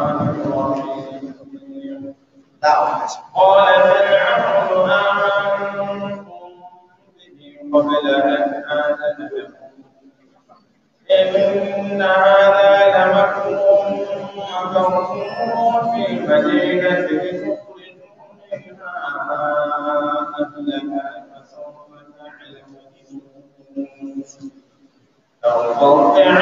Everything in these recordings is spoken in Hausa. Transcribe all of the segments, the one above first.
قال فرعون آمنتم به قبل أن آذن لكم إن هذا لمكر مكرتم في مدينة لتخرجوا منها أهلها أعوذ بالله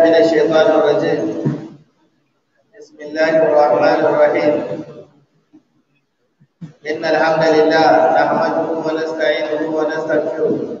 من الشيطان الرجيم بسم الله الرحمن الرحيم إن الحمد لله نحمده ونستعينه ونستغفره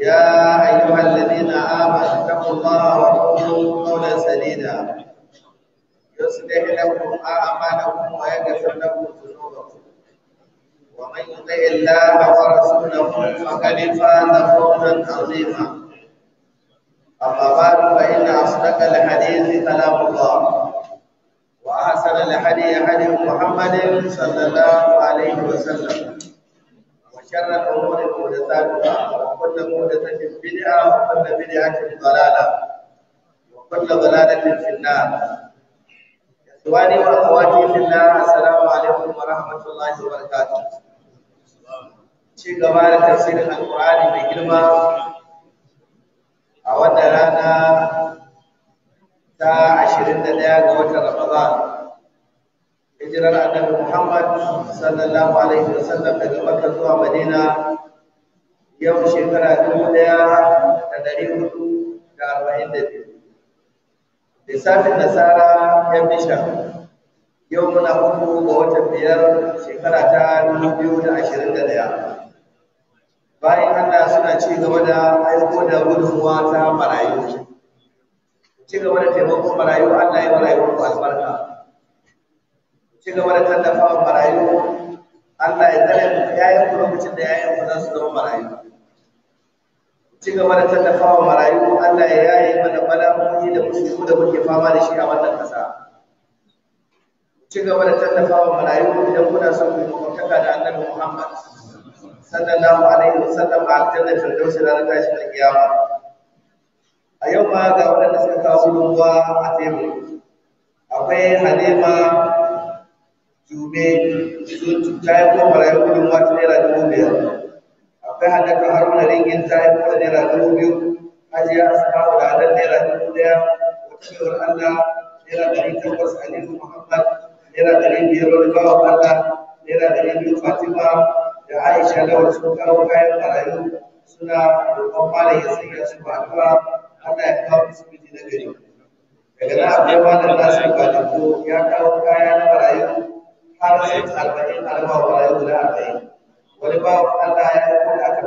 يا أيها الذين آمنوا اتقوا الله وقولوا قولا سديدا يصلح لكم أعمالكم ويغفر لكم ذنوبكم ومن يطع الله ورسوله فقد فاز فوزا عظيما أما بعد فإن أصدق الحديث كلام الله وأحسن الحديث حديث محمد صلى الله عليه وسلم sharra umurku da zaluma wa kullu muhdathatin bid'a wa kullu bid'atin dalala wa kullu dalalatin fi an-nar yaswani wa akhwati fillah assalamu alaikum wa rahmatullahi wa barakatuh ci gaba da tafsirin alqur'ani mai girma a wannan rana ta 21 ga watan ramadan hijirar annabi Muhammad sallallahu alaihi wasallam daga Makka zuwa Madina yau shekara dubu ɗaya da ɗari hudu da arba'in da biyu. Lissafin nasara ya bisha yau muna uku ga watan biyar shekara ta dubu biyu da ashirin da ɗaya. Bayan Allah suna ci gaba da aiko da gudunmuwa ta marayu. Ci gaba da taimakon marayu Allah ya marayu ku albarka. ci gaba da tallafawa marayu Allah ya tsare mu yayin ku lokacin da yayin ku za su zama marayu ci gaba da tallafawa marayu Allah ya yaye mana bala'o'i da musulmi da muke fama da shi a wannan ƙasa ci gaba da tallafawa marayu idan kuna son ku mutaka da Annabi Muhammad sallallahu alaihi wasallam a aljanna firdausi shi da kiyama a yau ma ga wadanda suka kawo gudunmuwa a tebur akwai halima Jume, ta yi kuma marayu gudun mata naira dubu biyar. Akwai haɗaka haruna ringin ta yi kuma naira dubu biyu. Hajiya Asma'u da Adal naira dubu ɗaya. Wata baiwar Allah naira ɗari takwas Aliyu Muhammad naira ɗari biyar wani bawa Allah naira ɗari biyu Fatima da Aisha Lawal sun kawo kayan marayu suna roƙon malam ya ya su ba addu'a Allah ya kawo musu na gari. Daga nan akwai malam Nasir Badako ya kawo kaya na marayu har sai arba'in a raba wa rayu guda wani Allah ya ko aka ya da hanya da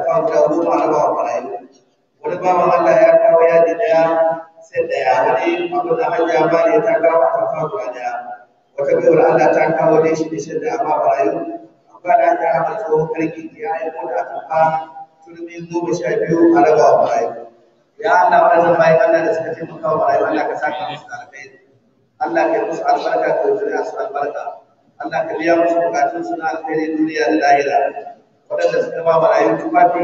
shi albarka ka albarka Allah ka biya musu bukatun suna na alkhairi duniya da lahira waɗanda suka ba marayu tufafi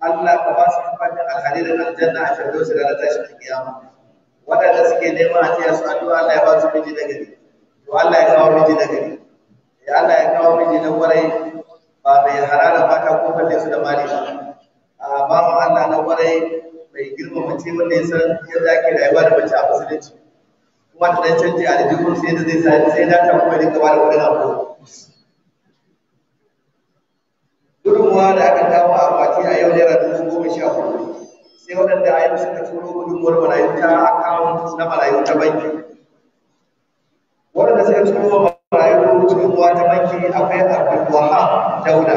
Allah ka ba su tufafin alhari da aljanna a shirya su ranar tashin kiyama waɗanda suke neman a tiya su addu'a Allah ya ba su miji na gari to Allah ya kawo miji na gari ya Allah ya kawo miji na warai ba mai harara mata ko falle su da mali ba a ba mu Allah na warai mai girma mace wanda ya san yadda ake rayuwa da mace a musulunci kuma da dan canji a jikin sai da zai sai sai da ta kuma rinka ba da kuɗin abu gudunmuwa da aka kawo a akwati a yau naira dubu goma sha hudu sai waɗanda a yau suka turo gudunmuwar marayu ta akawunt na marayu ta banki waɗanda suka turo wa marayu gudunmuwa ta banki akwai abdulwahab dauda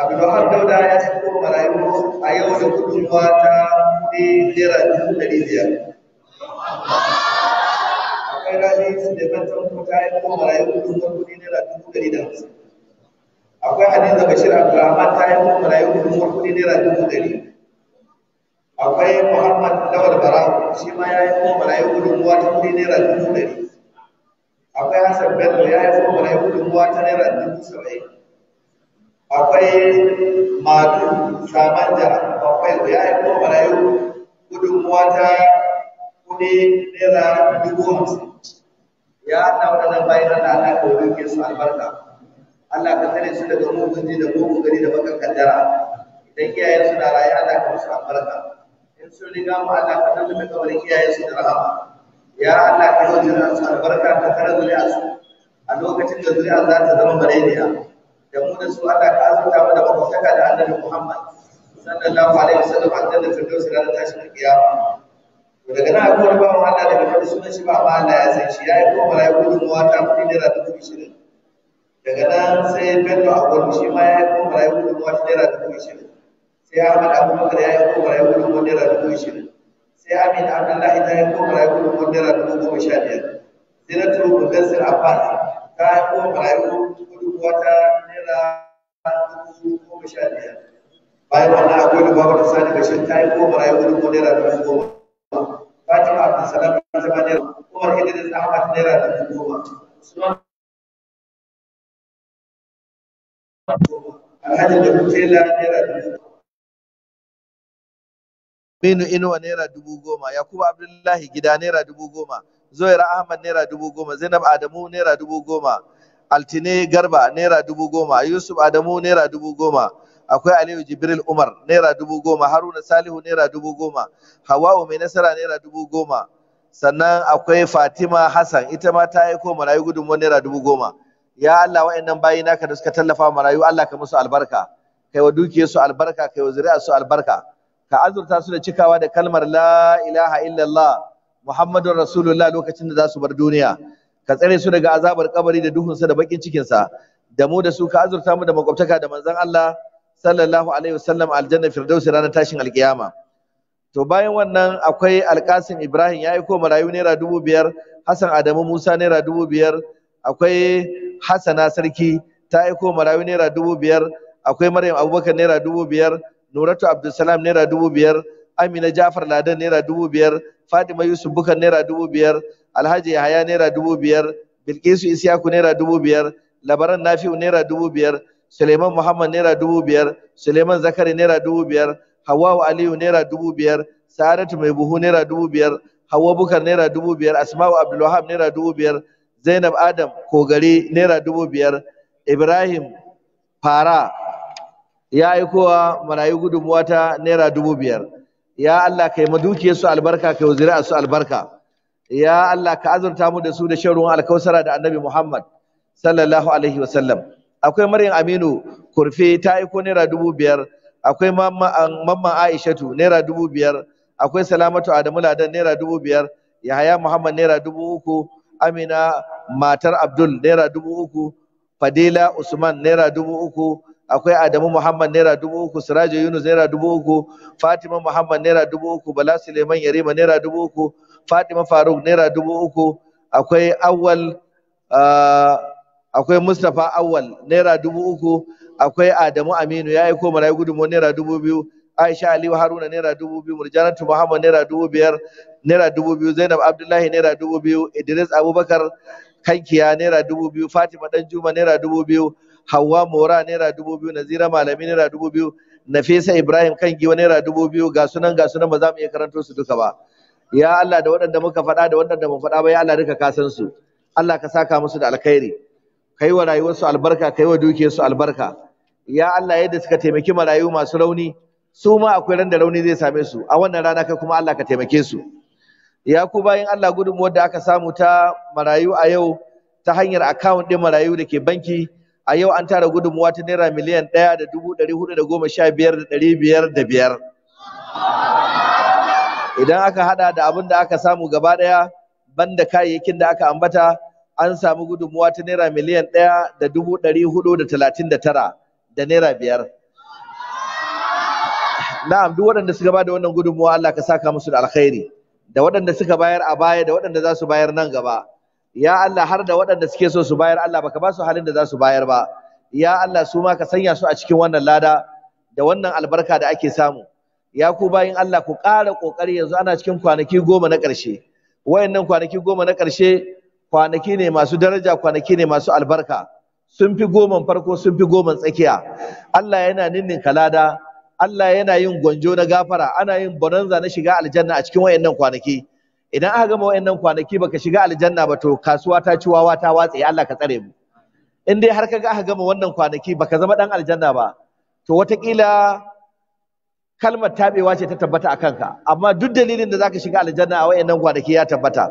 abdulwahab dauda ya turo marayu a yau da gudunmuwa ta naira dubu ɗari biyar akwai rajin da ban tanko ta yi ko marayu kudin na kudi naira dubu ɗari da hamsin akwai hadiza bashir abdulrahman ta yi ko marayu kudin na kudi naira dubu ɗari akwai muhammad lawal barawo shi ma ya yi ko marayu kudin ruwa ta kudi naira dubu ɗari akwai hassan bello ya yi ko marayu kudin ruwa ta naira dubu saba'in akwai madu samanja akwai ya yi ko marayu kudin ruwa ta kudi naira dubu hamsin ya Allah waɗannan bayan Allah Allah ka wanke su albarka Allah ka tsare su daga mugun ji da mugun gari da bakan kaddara idan iyayen su na raye Allah ka musu albarka in sun riga mu Allah ka tabbata kabarin iyayen su da rahama ya Allah ka yi jiran su albarka ka kare zuri'a su a lokacin da zuri'a za ta zama barediya da mu da su Allah ka azurta mu da makwabtaka da Annabi Muhammad sallallahu alaihi wasallam a jannatul firdaus ranar tashin kiyama daga na abuwar ba wa daga wani sunan shi ba ba Allah ya san shi ya yi kuma marayu gudun mawa ta kuɗi naira dubu ishirin daga nan sai bello a gwani shi ma ya yi kuma marayu gudun mawa ta naira dubu ishirin sai ahmad abubakar ya yi kuma marayu gudun mawa naira dubu ishirin sai amin abdullahi ta yi kuma marayu gudun mawa naira dubu goma sha biyar sai na turu bugasir abbas ta yi kuma marayu gudun mawa ta naira dubu goma sha biyar bayan wannan akwai da babu da sani bashir ta yi kuma marayu gudun mawa naira dubu goma fatima abdulsalam zama naira umar idris ahmad naira dubu goma suwan alhaji da kutela naira dubu Aminu Inuwa Naira dubu goma, Yakubu Abdullahi Gida Naira dubu goma, Zoyar Ahmad Naira dubu goma, Zainab Adamu Naira dubu goma, Altine Garba Naira dubu goma, Yusuf Adamu Naira dubu goma, akwai Aliyu Jibril Umar naira dubu goma, Haruna Salihu naira dubu goma, Hawwa'u mai nasara naira dubu goma, sannan akwai Fatima Hassan ita ma ta aiko marayu gudunmuwar naira dubu goma. Ya Allah wa'annan bayi naka da suka tallafa marayu Allah ka musu albarka, kai wa su albarka, kai wa su albarka. Ka azurta su da cikawa da kalmar la ilaha illallah Muhammadun Rasulullah lokacin da za su bar duniya. Ka tsare su daga azabar kabari da duhunsa da bakin cikinsa. Da mu da su ka azurta mu da makwabtaka da manzon Allah sallallahu alaihi wasallam aljanna firdausi ranar tashin alkiyama to bayan wannan akwai alkasim ibrahim ya aiko marayu naira dubu biyar hassan adamu musa naira dubu biyar akwai hassana sarki ta aiko marayu naira dubu biyar akwai maryam abubakar naira dubu biyar nuratu abdulsalam naira dubu biyar amina jafar ladan naira dubu biyar fatima yusuf bukar naira dubu biyar alhaji yahaya naira dubu biyar bilkisu Ishaku naira dubu biyar labaran nafi'u naira dubu biyar Suleiman Muhammad naira dubu biyar, Suleiman Zakari naira dubu biyar, Hawwa Aliyu naira dubu biyar, Sa'adatu Mai Buhu naira dubu biyar, Hawwa Bukar naira dubu biyar, Asma'u Abdulwahab naira dubu biyar, Zainab Adam Kogari naira dubu biyar, Ibrahim Fara ya aikowa marayu gudunmuwa ta naira dubu biyar. Ya Allah kai su albarka kai su albarka. Ya Allah ka azurta mu da su da shan ruwan alkausara da Annabi Muhammad sallallahu alaihi wa sallam. akwai Maryam Aminu Kurfe ta aiko naira dubu biyar, akwai Mamman Aishatu naira dubu biyar, akwai Salamatu Adamu Ladan naira dubu biyar, Yahaya Muhammad naira dubu uku, Amina matar Abdul naira dubu uku, Fadila Usman naira dubu uku, akwai Adamu Muhammad naira dubu uku, Sirajo Yunus naira dubu uku, Fatima Muhammad naira dubu uku, Bala Suleiman Yarima naira dubu uku, Fatima Faruk naira dubu uku, akwai Awwal uh, akwai Mustapha Awal naira dubu uku, akwai Adamu Aminu ya aiko marayu gudumo naira dubu biyu, Aisha Aliyu Haruna naira dubu biyu, Murjanatu Muhammad naira dubu biyar, naira dubu biyu, Zainab Abdullahi naira dubu biyu, Idris Abubakar Kankiya naira dubu biyu, Fatima Danjuma naira dubu biyu, Hauwa Mora naira dubu biyu, Nazira Malami naira dubu biyu, Nafisa Ibrahim Kangiwa naira dubu biyu, ga sunan ga sunan ba za mu iya karanto su duka ba. Ya Allah da waɗanda muka faɗa da waɗanda mu faɗa ba ya Allah duka kasan su. Allah ka saka musu da alkhairi. kai wa rayuwarsu albarka kai wa dukiyarsu albarka ya Allah yadda suka taimaki marayu masu rauni su ma akwai ran da rauni zai same su a wannan rana kai kuma Allah ka taimake su ya ku bayan Allah gudunmuwar da aka samu ta marayu a yau ta hanyar account din marayu da ke banki a yau an tara gudunmuwa ta naira miliyan ɗaya da dubu ɗari hudu da goma sha biyar da ɗari biyar da biyar idan aka hada da abin da aka samu gaba ɗaya banda kayayyakin da aka ambata an samu gudunmuwa ta naira miliyan ɗaya da dubu ɗari hudu da talatin da tara da naira biyar. Na'am duk waɗanda suka ba da wannan gudunmuwa Allah ka saka musu da alkhairi da waɗanda suka bayar a baya da waɗanda za su bayar nan gaba. Ya Allah har da waɗanda suke so su bayar Allah baka ba su halin da za su bayar ba. Ya Allah su ma ka sanya su a cikin wannan lada da wannan albarka da ake samu. Ya ku bayin Allah ku ƙara ƙoƙari yanzu ana cikin kwanaki goma na ƙarshe. Wayannan kwanaki goma na ƙarshe kwanaki ne masu daraja kwanaki ne masu albarka sun fi goman farko sun fi goman tsakiya Allah yana ninnin kalada Allah yana yin gwanjo na gafara ana yin bonanza na shiga aljanna a cikin wayannan kwanaki idan aka gama wayannan kwanaki baka shiga aljanna ba to kasuwa ta ci wawa ta watsa, Allah ka tsare mu in dai har kaga aka gama wannan kwanaki baka zama dan aljanna ba to watakila kalmar tabewa ce ta tabbata a kanka amma duk dalilin da zaka shiga aljanna a wayannan kwanaki ya tabbata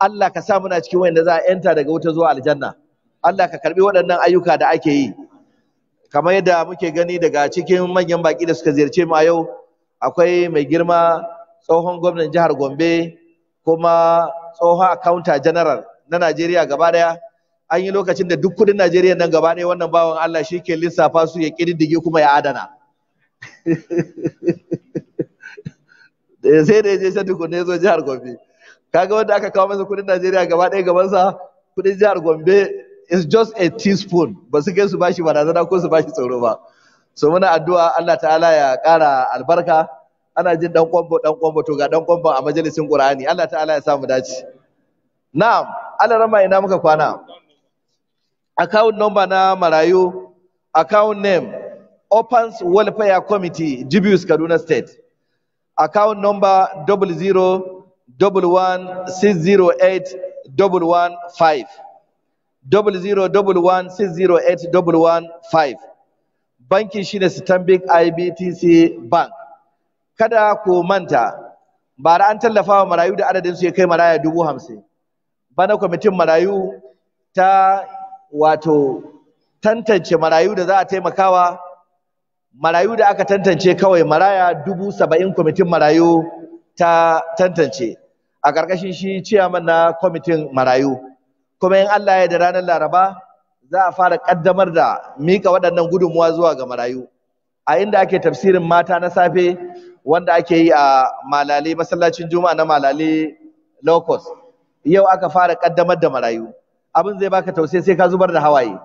Allah ka sa muna cikin wanda za a yanta daga wuta zuwa aljanna Allah ka karbi waɗannan ayyuka da ake yi kamar yadda muke gani daga cikin manyan baki da suka ziyarce mu a yau akwai mai girma tsohon gwamnan jihar Gombe kuma tsohon accountant general na Najeriya gaba daya an yi lokacin da duk kudin Najeriya nan gaba daya wannan bawan Allah shi ke lissafa su ya kididdige kuma ya adana sai da ya je sai tukunne zo jihar Gombe kaga wanda aka kawo masa kudin Najeriya gaba ɗaya gabansa kudin jihar Gombe is just a teaspoon ba su kai su bashi barazana ko su bashi tsoro ba so muna addu'a Allah ta'ala ya ƙara albarka ana jin dan kwambo dan kwambo to ga dan kwambo a majalisin Qur'ani Allah ta'ala ya samu dace na'am Allah rama ina muka kwana account number na marayu account name Opens Welfare Committee Jibius Kaduna State account number 00 double one six zero eight double one five double zero double one six zero eight double one five bankin shine Stanbic IBTC Bank kada ku manta ba da an tallafa wa marayu da adadin su ya kai maraya dubu hamsin bana kwamitin marayu ta wato tantance marayu da za a taimakawa marayu da aka tantance kawai maraya dubu saba'in kwamitin marayu ta tantance a ƙarƙashin shi ciyaman na kwamitin marayu kuma in Allah ya da ranar Laraba za a fara ƙaddamar da mika waɗannan gudunmuwa zuwa ga marayu a inda ake tafsirin mata na safe wanda ake yi a malale masallacin juma'a na malale locus yau aka fara ƙaddamar da marayu abin zai baka tausayi sai ka zubar da hawaye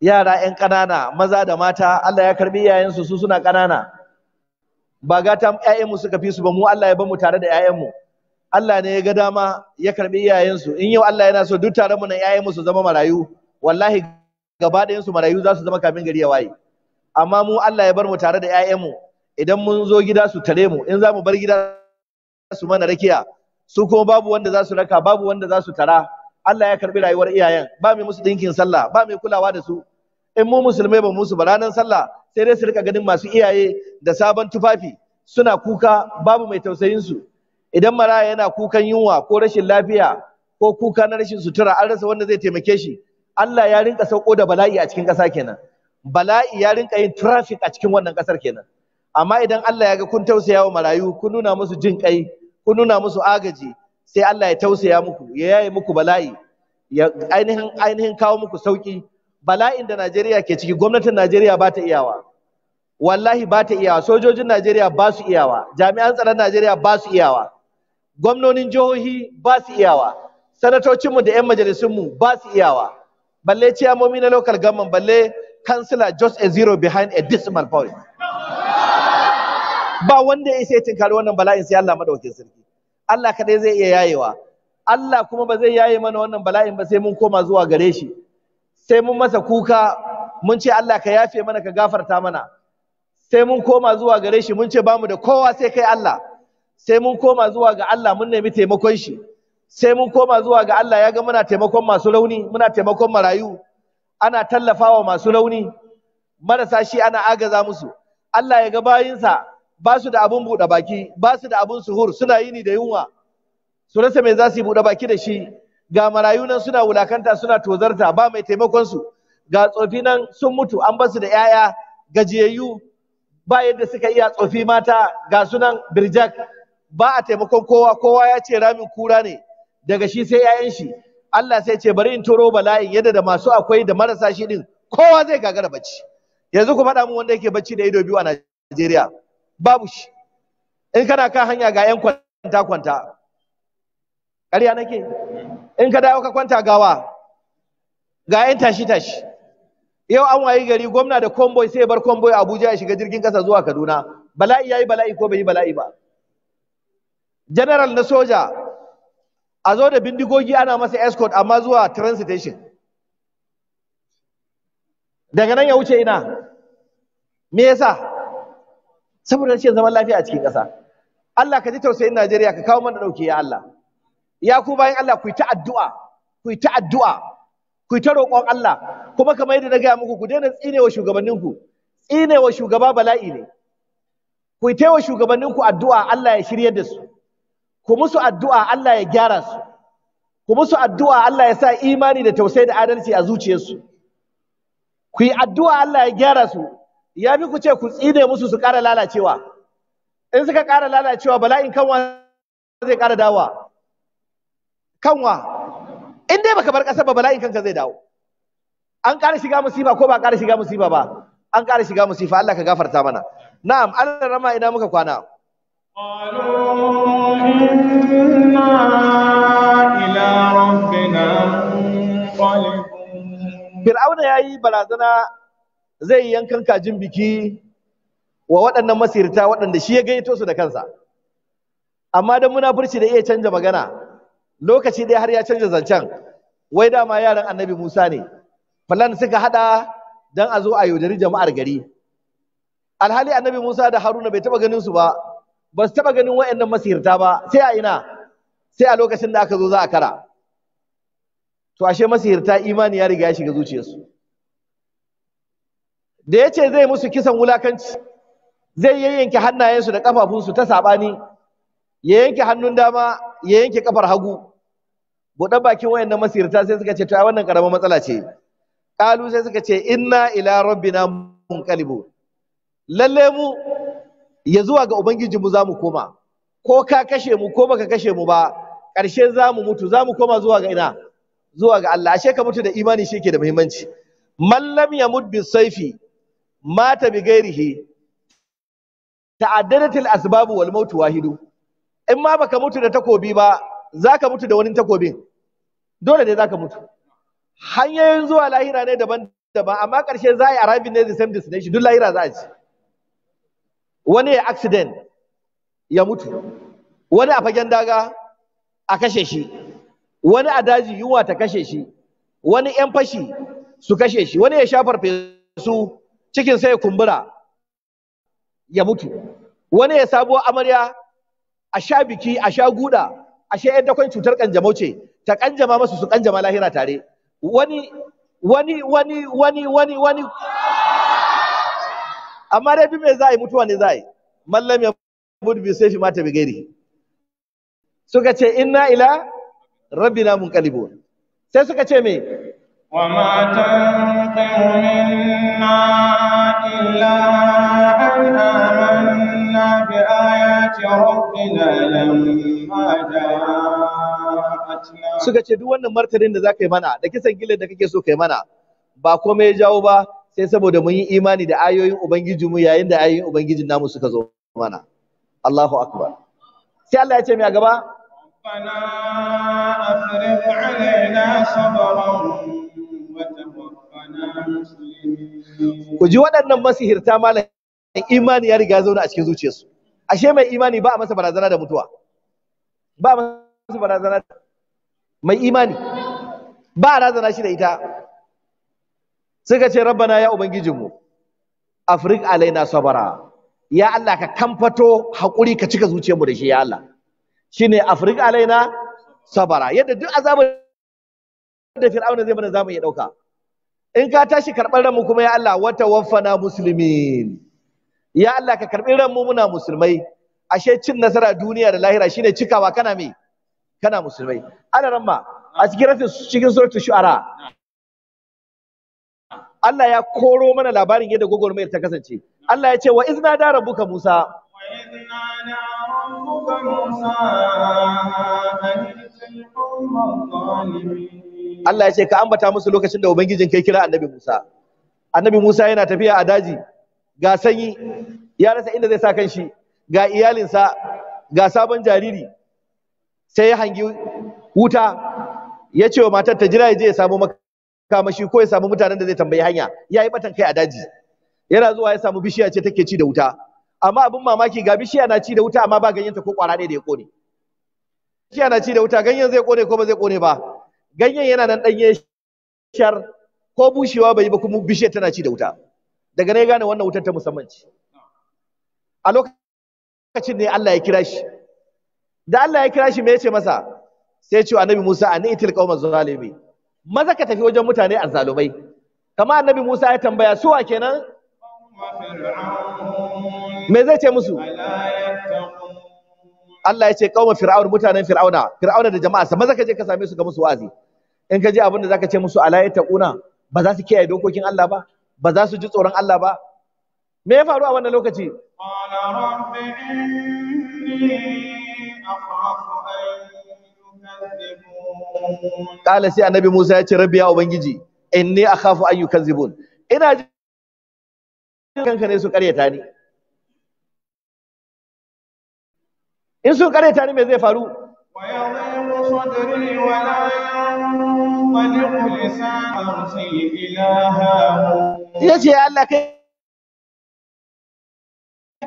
yara 'yan ƙanana maza da mata Allah ya karbi iyayensu su suna ƙanana ba gata 'ya'yanmu suka fi su ba mu Allah ya bamu tare da 'ya'yanmu Allah ne ya ga dama ya karbi iyayensu in yau Allah yana so duk tare mu nan iyayen su zama marayu wallahi gaba da yansu marayu za su zama kamin gari ya waye amma mu Allah ya bar mu tare da iyayen mu idan mun zo gida su tare mu in za mu bar gida su mana rakiya su kuma babu wanda za su raka babu wanda za su tara Allah ya karbi rayuwar iyayen ba mai musu dinkin sallah ba mai kulawa da su in mu musulmai ba musu ba ranar sallah sai dai su rika ganin masu iyaye da sabon tufafi suna kuka babu mai tausayin su idan maraya yana kukan yunwa ko rashin lafiya ko kuka na rashin sutura an rasa wanda zai taimake shi Allah ya rinka sauko da bala'i a cikin ƙasa kenan bala'i ya rinka yin traffic a cikin wannan ƙasar kenan amma idan Allah ya ga kun tausaya wa marayu kun nuna musu jin kai kun nuna musu agaji sai Allah ya tausaya muku ya yaye muku bala'i ya ainihin ainihin kawo muku sauki bala'in da Najeriya ke ciki gwamnatin Najeriya ba ta iyawa wallahi ba ta iyawa sojojin Najeriya ba su iyawa jami'an tsaron Najeriya ba su iyawa gwamnonin jihohi ba su iyawa sanatocinmu da 'yan majalisunmu ba su iyawa balle ciyamomi na local government balle kansila just a zero behind a decimal point ba wanda ya isa tinkari wannan bala'in sai Allah madaukakin sarki Allah kadai zai iya yayewa Allah kuma ba zai yaye mana wannan bala'in ba sai mun koma zuwa gare shi sai mun masa kuka mun ce Allah ka yafe mana ka gafarta mana sai mun koma zuwa gare shi mun ce bamu da kowa sai kai Allah sai mun koma zuwa ga Allah mun nemi taimakon shi sai mun koma zuwa ga Allah ya ga muna taimakon masu rauni muna taimakon marayu ana tallafawa masu rauni marasa shi ana agaza musu Allah ya ga bayinsa ba su da abun buɗe baki ba su da abun suhur suna yini da yunwa su rasa me za su yi buɗe baki da shi ga marayu nan suna wulakanta suna tozarta ba mai taimakon su ga tsofi nan sun mutu an ba su da 'ya'ya gajiyayyu ba yadda suka iya tsofi mata ga sunan birjak ba a taimakon kowa kowa ya ce ramin kura ne daga shi sai 'ya'yan shi Allah sai ce bari in turo bala'in yadda da masu akwai da marasa shi din kowa zai gagara bacci yanzu ku faɗa mu wanda yake bacci da ido biyu a Najeriya babu shi in kana kan hanya ga 'yan kwanta kwanta ƙarya nake in ka dawo ka kwanta gawa ga 'yan tashi tashi yau an wayi gari gwamna da konboy sai bar konboy Abuja ya shiga jirgin kasa zuwa Kaduna bala'i yayi bala'i ko bai yi bala'i ba general na soja a zo da bindigogi ana masa escort amma zuwa trans-station. daga nan ya wuce ina me yasa saboda rashin zaman lafiya a cikin ƙasa Allah ka ji tausayin Najeriya ka kawo mana dauke ya Allah ya ku bayan Allah ku yi ta addu'a ku yi ta addu'a ku yi ta roƙon Allah kuma kamar yadda na gaya muku ku daina tsinewa shugabanninku tsinewa shugaba bala'i ne ku yi ta yi wa shugabanninku addu'a Allah ya shiryar da su ku musu addu'a Allah ya gyara su ku musu addu'a Allah ya sa imani da tausayi da adalci a zuciyarsu ku yi addu'a Allah ya gyara su ya fi ku ce ku tsine musu su ƙara lalacewa in suka ƙara lalacewa bala'in kanwa zai ƙara dawa kanwa in dai baka bar ƙasar ba bala'in kanka zai dawo an ƙara shiga musiba ko ba ƙara shiga musiba ba an ƙara shiga musifa Allah ka gafarta mana na'am Allah rama ina muka kwana fir'auna ya yi balazana فرعون يا zai yankan kajin biki wa waɗannan masirta waɗanda shi ya gayyato su da kansa amma muna munafurci da iya canja magana lokaci ɗaya har ya canja zancen wai dama yaran annabi Musa ne falan suka haɗa don a zo a yaudari jama'ar gari alhali annabi Musa da Haruna bai taɓa ganin su ba ba su taɓa ganin wa'annan masihirta ba sai a ina sai a lokacin da aka zo za a kara to ashe masihirta imani ya riga ya shiga zuciyarsu da ya ce zai musu kisan wulakanci zai yayyanke hannayensu da ƙafafunsu ta saɓani ya yanke hannun dama ya yanke ƙafar hagu buɗe bakin wayannan masirta sai suka ce to a wannan ƙaramar matsala ce ƙalu sai suka ce inna ila rabbina munqalibu lalle mu ya zuwa ga ubangijinmu za mu koma ko ka kashe mu ko baka kashe mu ba ƙarshe za mu mutu za mu koma zuwa ga ina zuwa ga Allah ashe ka mutu da imani shi ke da muhimmanci mallam ya mud saifi mata bi gairihi ta'addadatil asbabu wal mautu wahidu in ma baka mutu da takobi ba zaka mutu da wani takobin dole ne zaka mutu hanyoyin zuwa lahira ne daban-daban amma ƙarshe za a yi arabin ne the same destination duk lahira za a ci wani ya accident ya mutu wani a fagen daga a kashe shi wani a daji yunwa ta kashe shi wani yan fashi su kashe shi wani ya shafar fesu cikin sai kumbura ya mutu wani ya sabuwa amarya a sha biki a sha guda a sha yadda kwan cutar kanjamau ce ta kanjama masu su kanjama lahira tare wani wani wani wani wani wani amma dai duk me za a yi mutuwa ne za a yi mallam ya bud bi sai fi mata bi suka ce inna ila rabbina munqalibun sai suka ce me wa ma tanqimu minna illa an amanna bi ayati rabbina lamma ja'atna suka ce duk wannan martanin da zaka yi mana da kisan gilin da kake so kai mana ba komai ya jawo ba sai saboda mun yi imani da ayoyin ubangiji mu yayin da ayoyin ubangijin namu suka zo mana Allahu akbar sai Allah ya ce mai gaba ku ji waɗannan masihirta malam imani ya riga zauna a cikin zuciyarsu ashe mai imani ba a masa barazana da mutuwa ba a masa barazana mai imani ba a razana shi da ita suka ce rabbana ya ubangijinmu afrik alaina sabara ya Allah ka kamfato hakuri ka cika zuciyarmu da shi ya Allah shine afrik alaina sabara yadda duk azabar da fir'aun zai mana zamu iya dauka in ka tashi karɓar ranmu kuma ya Allah wata waffana muslimin ya Allah ka karɓi ranmu muna musulmai ashe cin nasara duniya da lahira shine cikawa kana me kana musulmai ana ramma a cikin rafin cikin suratul shu'ara Allah ya koro mana labarin yadda gwagwarmayar ta kasance Allah ya ce wa izna da rabbuka Musa Allah ya ce ka ambata musu lokacin da ubangijin kai kira annabi Musa annabi Musa yana tafiya a daji ga sanyi ya rasa inda zai sa shi. ga iyalinsa ga sabon jariri sai ya hangi wuta ya ce wa matar ta jira ya je ya samu maka kamashi ko ya samu mutanen da zai tambayi hanya ya yi batan kai a daji yana zuwa ya samu bishiya ce take ci da wuta amma abin mamaki ga bishiya na ci da wuta amma ba ganyenta ko kwara ne da ya kone bishiya na ci da wuta ganyen zai kone ko ba zai kone ba ganyen yana nan ɗanye shar ko bushewa bai yi ba kuma bishiya tana ci da wuta daga nan ya gane wannan wutar ta musamman ce a lokacin ne Allah ya kira shi da Allah ya kira shi me ya ce masa sai ya ce annabi Musa an itil qauma zalimi maza ka tafi wajen mutane azzalumai kama annabi Musa ya tambaya suwa kenan me zai ce musu Allah ya ce kauma fir'aun mutanen fir'auna fir'auna da jama'a sa maza ka je ka same su ga musu wazi in ka je abin da zaka ce musu ala yataquna ba za su kiyaye dokokin Allah ba ba za su ji tsoron Allah ba me ya faru a wannan lokaci qala rabbi inni akhafu kala sai annabi Musa ya ce rabbi ya ubangiji inni akhafu an yukazzibun ina kanka ne su karyata ni in sun karyata ni me zai faru ya ce Allah kai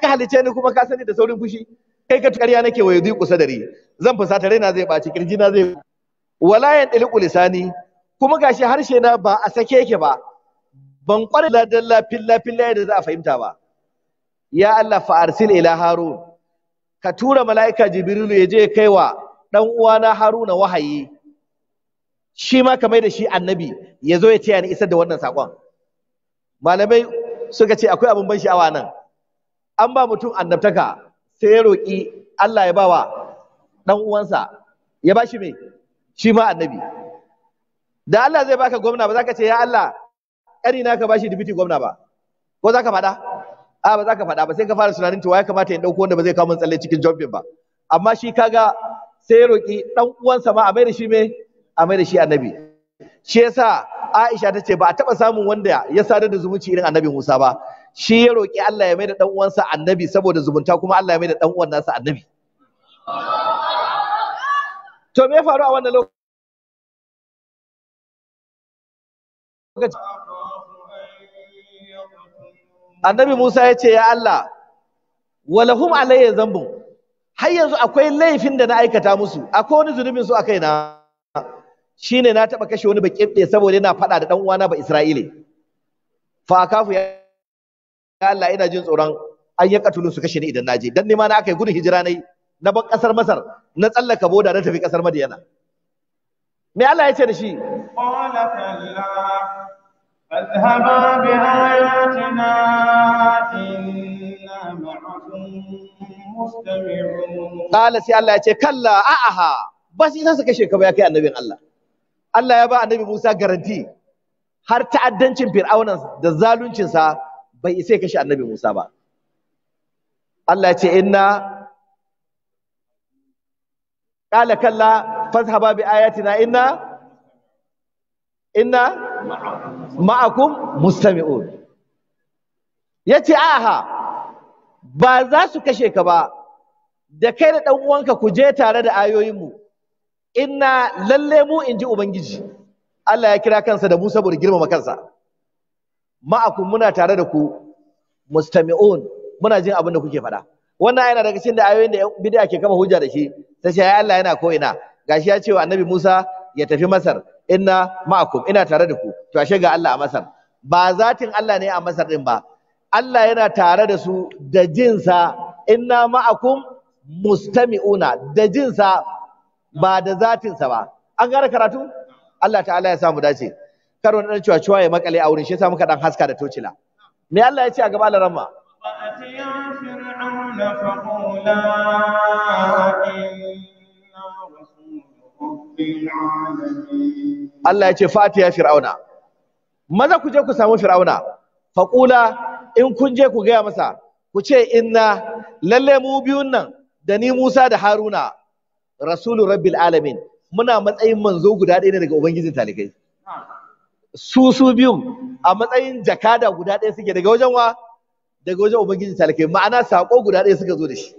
ka halice ni kuma ka sani da saurin fushi kai ka tukariya nake wa yanzu kusa dare zan fusata raina zai ɓaci kirji zai zai wala yan ɗaliƙu sani, kuma gashi harshe na ba a sake yake ba ban ƙware ladalla filla filla da za a fahimta ba ya Allah fa arsil ila harun ka tura mala'ika jibrilu ya je kai wa dan uwana haruna wahayi shi ma kamar da shi annabi ya zo ya ce ni isar da wannan sakon malamai suka ce akwai abin ban sha'awa nan an ba mutum annabtaka sai ya roƙi Allah ya bawa dan uwansa ya ba shi me shi ma annabi da Allah zai baka gwamna ba za ka ce ya Allah ƙari na ka bashi dubiti gwamna ba ko za ka faɗa a ba za ka faɗa ba sai ka fara tunanin cewa ya kamata ya ɗauko wanda ba zai kawo mun tsalle cikin jobin ba amma shi kaga sai ya roƙi ɗan uwansa ma a mai da shi me a mai da shi annabi shi yasa Aisha ta ce ba a taɓa samun wanda ya sadar da zumunci irin annabi Musa ba shi ya roƙi Allah ya mai da ɗan uwansa annabi saboda zumunta kuma Allah ya mai da ɗan uwan nasa annabi To me ya faru a wannan lokaci? Annabi Musa ya ce ya Allah walahum alayya zambu har yanzu akwai laifin da na aikata musu akwai wani zunubin su akai na shine na taba kashe wani bakibbe saboda yana faɗa da dan uwana ba Isra'ile fa kafu ya Allah ina jin tsoron an ya su kashe ni idan naje dan ni ma na akai gudun hijira nayi na bar ƙasar Masar na tsallaka boda na tafi ƙasar Madiyana me Allah ya ce da shi qala kalla fadhhaba bi ayatina inna ma'akum mustami'un qala sai Allah ya ce kalla a'aha ba sai suka shekaba ya kai annabin Allah Allah ya ba annabi Musa garanti har ta'addancin Fir'aunan da zaluncinsa bai isa ya kashe annabi Musa ba Allah ya ce inna qala kalla fazhaba bi ayatina inna inna ma'akum mustami'un yace aha ba za su kashe ka ba da kai da dan uwanka ku je tare da ayoyinmu inna lalle mu inji ubangiji Allah ya kira kansa da mu saboda girmama kansa ma'akum muna tare da ku mustami'un muna jin abin da kuke faɗa wannan yana daga cikin da ayoyin da bid'a ke kama hujja da shi ta ce ya Allah yana ko ina gashi ya ce wa annabi Musa ya tafi Masar inna ma'akum ina tare da ku to ashe ga Allah a Masar ba zatin Allah ne a Masar din ba Allah yana tare da su da jinsa inna ma'akum mustami'una da jinsa ba da zatinsa ba an gara karatu Allah ta'ala ya samu dace karo na cewa cewa ya makale a wurin shi ya muka dan haska da tocila me Allah ya ce a gaba Allah ramma Allah ya ce رسول ya العالمين maza ku je ku samu fir'auna faƙula in kun je ku gaya masa ku ce inna lalle mu biyun nan da ni musa da haruna rasulu rabbil alamin muna matsayin manzo guda ɗaya ne daga ubangijin talikai su su biyun a matsayin jakada guda ɗaya suke daga wajen wa daga wajen ubangiji talakai ma'ana sako guda ɗaya suka zo da shi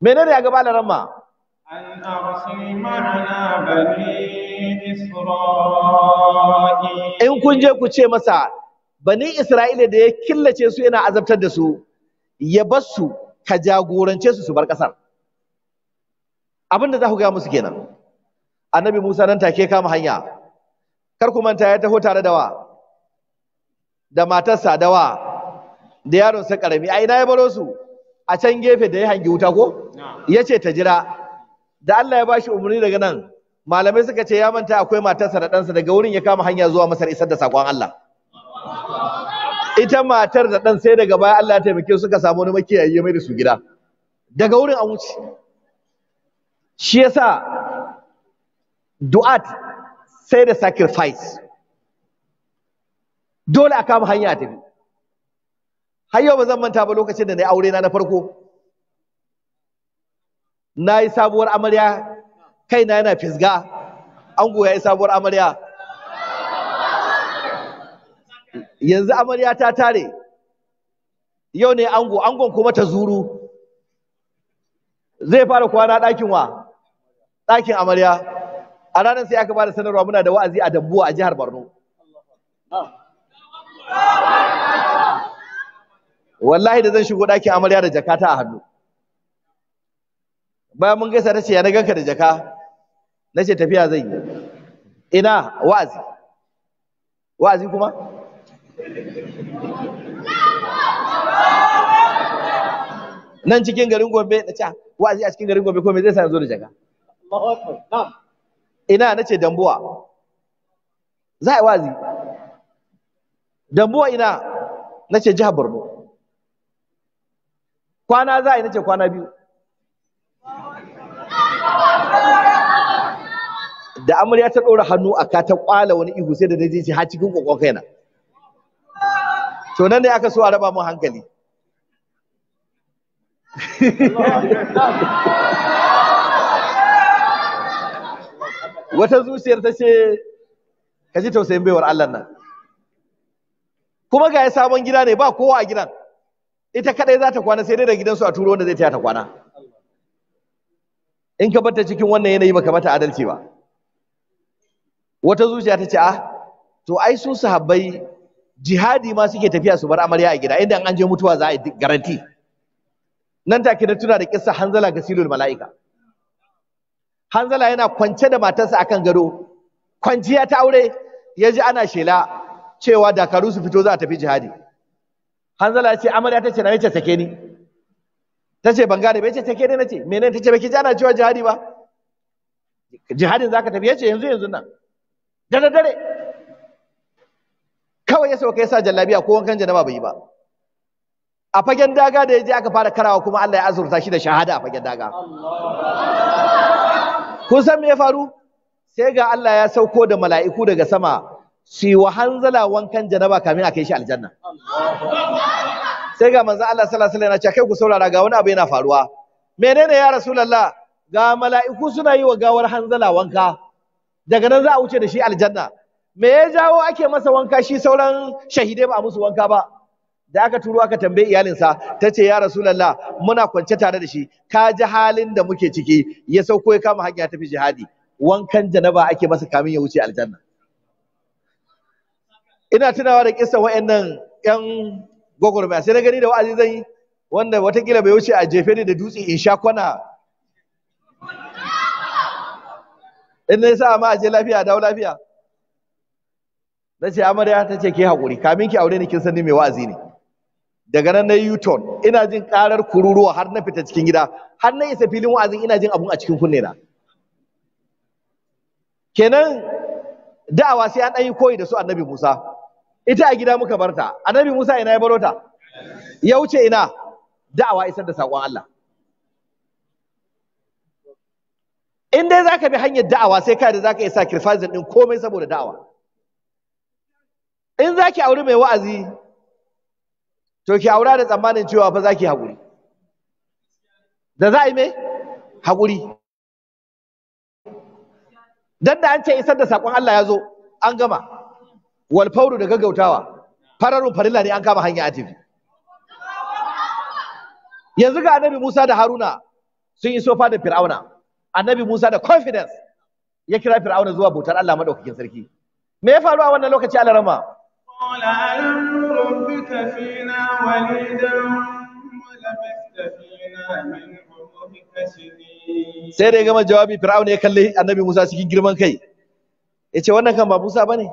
menene ya gaba ramma In kun je ku ce masa, bani isra'ila da ya killace su yana azabtar da su, ya عذاب تدسو يبسو su su su سبار كسر abin da za ku gaya musu kenan annabi musa nan take kama hanya kar ku manta ya taho tare da wa da matarsa da wa da yaron sa karami a ina ya baro su a can gefe da ya hangi wuta ko ya ce ta jira da Allah ya bashi umarni daga nan malamai suka ce ya manta akwai matarsa da ɗansa daga wurin ya kama hanya zuwa Masar isar da sakon Allah ita matar da ɗan sai daga baya Allah ya taimake suka samu wani makiyayi ya mai da su gida daga wurin an wuce shi yasa du'at sai da sacrifice dole a kama hanya a tafi har yau ba zan manta ba lokacin da na yi aure na na farko na yi sabuwar amarya Kai na, yana fisga ango ya yi sabuwar amarya yanzu amarya ta tare yau ne ango angon kuma ta zuru zai fara kwana ɗakin wa ɗakin amarya a ranar sai aka ba da sanarwa muna da wa'azi a dabbuwa a jihar borno wallahi da zan shigo ɗakin amarya da jaka ta a hannu bayan mun gaisa ta ce ya na ganka da jaka na ce tafiya zan yi ina wa'azi wa'azi kuma nan cikin garin gombe na ce wa'azi a cikin garin gombe ko me zai sa zo da jaka ina na ce dambuwa za a yi wa'azi dambuwa ina na ce jihar borno kwana za a yi nace kwana biyu da amarya ta ɗora hannu a ka ta kwala wani ihu sai da na ji ha cikin kokon kaina to nan ne aka so a raba mu hankali wata zuciyar ta ce ka ji tausayin baiwar Allah nan kuma ga ya sabon gida ne ba kowa a gidan ita kadai za ta kwana sai dai da gidansu a turo wanda zai taya ta kwana in ka bata cikin wannan yanayi baka mata adalci ba wata zuciya ta ce a, ah, to ai su sahabbai jihadi ma suke tafiya su bar amarya a gida inda an je mutuwa za a garanti nan take da tuna da kissa hanzala ga silul mala'ika hanzala yana kwance da matarsa akan gado kwanciya ta aure ya ji ana shela cewa dakaru su fito za a tafi jihadi hanzala ya ce amarya ta ce na yace take ni ta ce ban gane ba yace take ni na ce menene ta ce baki jana cewa jihadi ba jihadin zaka tafi yace yanzu yanzu nan da dare kawai ya sauka ya sa jallabiya ko wankan janaba bai yi ba a fagen daga da ya je aka fara karawa kuma Allah ya azurta shi da shahada a fagen daga kun san me ya faru sai ga Allah ya sauko da mala'iku daga sama su wa hanzala wankan janaba kamin a kai shi aljanna sai ga manzo Allah sallallahu alaihi wasallam ya ce kai ku saurara ga wani abu yana faruwa menene ya rasulullah ga mala'iku suna yi wa gawar hanzala wanka daga nan za a wuce da shi aljanna me ya jawo ake masa wanka shi sauran shahidai ba a musu wanka ba da aka turo aka tambaye iyalinsa ta ce ya rasulallah muna kwance tare da shi ka ji halin da muke ciki ya sauko ya kama hanya fi jihadi wankan janaba ake masa kamin ya wuce aljanna ina tunawa da kissa wa'annan yan gwagwarmaya sai na gani da wa'azi zan yi wanda watakila bai wuce a jefe ni da dutse in sha kwana in na sa ma a je lafiya a dawo lafiya na ce amarya ta ce ke haƙuri kamin ki aure ni kin san ni mai wa'azi ne daga nan na yi U-turn ina jin karar kururuwa har na fita cikin gida har na isa filin wa'azin ina jin abun a cikin kunne na kenan da'awa sai an yi koyi da su annabi Musa ita a gida muka barta annabi Musa ina ya baro ta ya wuce ina da'awa isar da sakon Allah in dai zaka bi hanyar da'awa sai ka da zaka yi sacrifice din komai saboda da'awa in zaki aure mai wa'azi to ki aura da tsammanin cewa fa zaki haƙuri da za a yi mai haƙuri dan da an ce isar da sakon Allah ya zo an gama walfauru da gaggautawa fararun farilla ne an kama hanya a tafi yanzu ga annabi Musa da Haruna sun yi sofa da Fir'auna annabi Musa da confidence ya kira Fir'auna zuwa bautar Allah madaukakin sarki me ya faru a wannan lokaci Allah rama sai da ya gama jawabi Fir'auna ya kalli annabi Musa cikin girman kai yace wannan kan ba Musa bane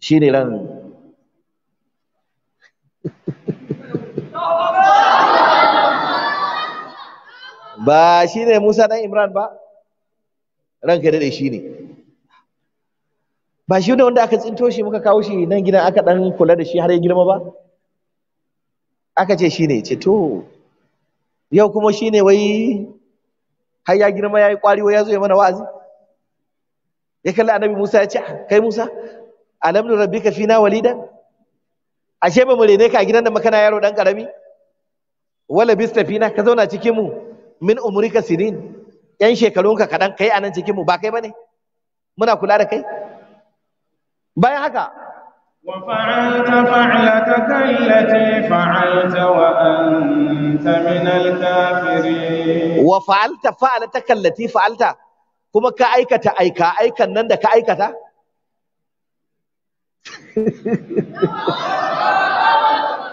shi ne ran ba shi ne musa ɗan imran ba ranka daɗe shi ne ba shi ne wanda aka tsinto shi muka kawo shi nan gidan aka ɗan kula da shi har ya girma ba aka ce shi ne ce to yau kuma shi ne wai har ya girma ya yi ƙwari wai ya zo ya mana wa'azi ya kalli annabi musa ya ce ah, kai musa alam nu rabbika fina walida, ashe ba mu rene ka gidan da makana yaro dan karami wala bista fina ka zauna cikin mu min umrika sinin yan ka kadan kai anan cikin mu ba kai bane muna kula da kai bayan haka wa fa'alta fa'lataka allati fa'alta wa anta min al-kafirin wa fa'alta fa'lataka allati fa'alta kuma ka aikata aika aikan nan da ka aikata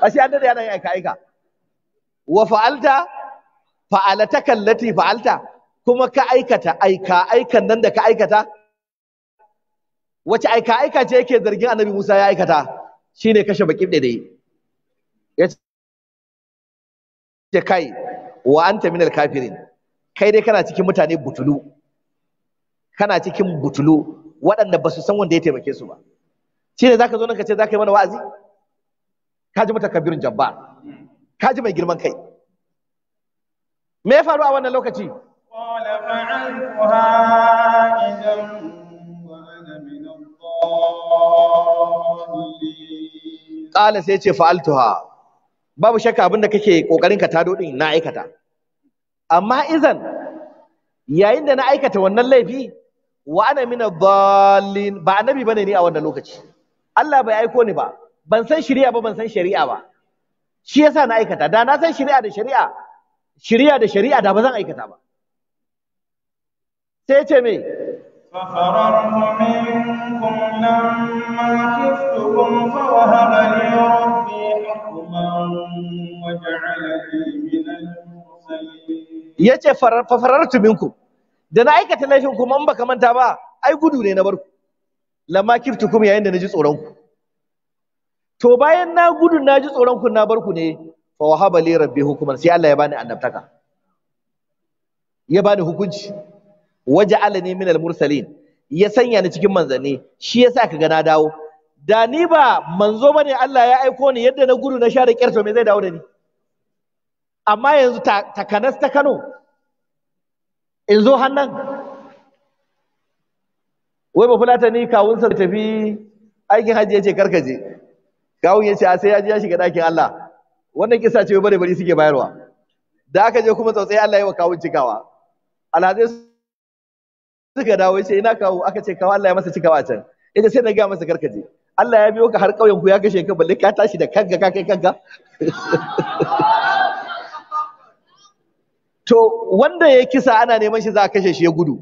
ashe an dade yana aika aika wa fa'alta fa'alata kallati fa'alta kuma ka aikata aika aikan nan da ka aikata wace aika aika ce yake zargin annabi Musa ya aikata shine kashe bakin da dai yace kai wa anta minal kafirin kai dai kana cikin mutane butulu kana cikin butulu waɗanda ba su san wanda ya taimake su ba shi ne za ka zo nan ka ce za ka yi mana wa'azi ka ji mata kabirin jabba ka ji mai girman kai me ya faru a wannan lokaci ƙala sai ce fa'altuha babu shakka abinda kake ƙoƙarin ka tado ɗin na aikata amma izan yayin da na aikata wannan laifi wa ana ba ad-dallin ba ne ni a wannan lokaci Allah bai aiko ni ba ban san shari'a ba ban san shari'a ba shi yasa na aikata da na san shari'a da shari'a shari'a da shari'a da ba zan aikata ba sai ce me ففررت منكم لما خفتكم yace fafarartu da na aikata laifin kuma in baka manta ba ai gudu ne na barku lamakirtukum yayin da naji tsoron ku to bayan na gudu na ji tsoron ku na bar ku ne fa wahaba li rabbi hukuman sai Allah ya bani annabtaka ya bani hukunci waja'alani min al-mursalin ya sanya ni cikin manzanni shi yasa ka ga na dawo da ni ba manzo bane Allah ya aiko ni yadda na gudu na share kyarto me zai dawo da ni amma yanzu takanas ta Kano in zo hannan wai ba fulatani kawunsa da tafi aikin hajji ya ce je. kawun ya ce a sai ya je ya shiga ɗakin Allah wannan kisa ce bare bari suke bayarwa da aka je kuma tsautsayi Allah ya wa kawun cikawa alhazai suka dawo ce ina kawo aka ce kawo Allah ya masa cikawa can yace sai na ga masa karkaje Allah ya biyo ka har ƙauyen ku ya kashe ka balle ka tashi da kanka ka kai kanka to wanda ya kisa ana neman shi za a kashe shi ya gudu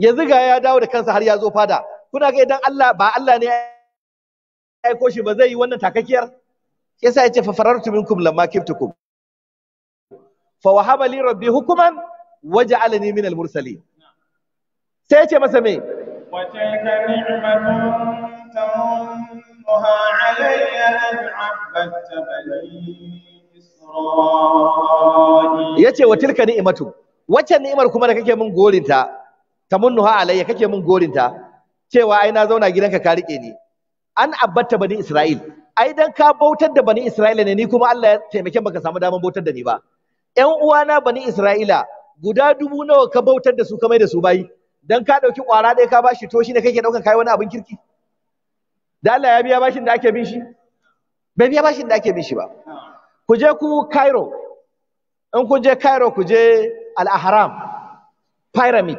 yanzu ga ya dawo da kansa har ya zo fada kuna ga idan Allah ba Allah ne ya ko shi ba zai yi wannan takakiyar yasa yace fa farartu minkum lamma kibtukum fa wahaba li rabbi hukuman waj'alani min al-mursalin sai yace masa me wa tilka ni'matun tamunnuha alayya an 'abadta bani isra'il yace wa tilka ni'matu wacce ni'imar kuma da kake min gorinta tamunnuha alayya kake mun gorinta cewa ai na zauna gidanka ka rike ni an abbata bani Isra'il ai dan ka bautar da bani Isra'ila ne ni kuma Allah ya taimake baka samu daman bautar da ni ba ƴan uwana bani Isra'ila guda dubu nawa ka bautar da su ka mai da su bayi dan ka dauki kwara ɗaya ka bashi to shi ne kake daukan kai wani abin kirki da Allah ya biya bashin da ake bin shi bai biya bashin da ake bin shi ba ku je ku Cairo in ku je Cairo ku je Al-Ahram pyramid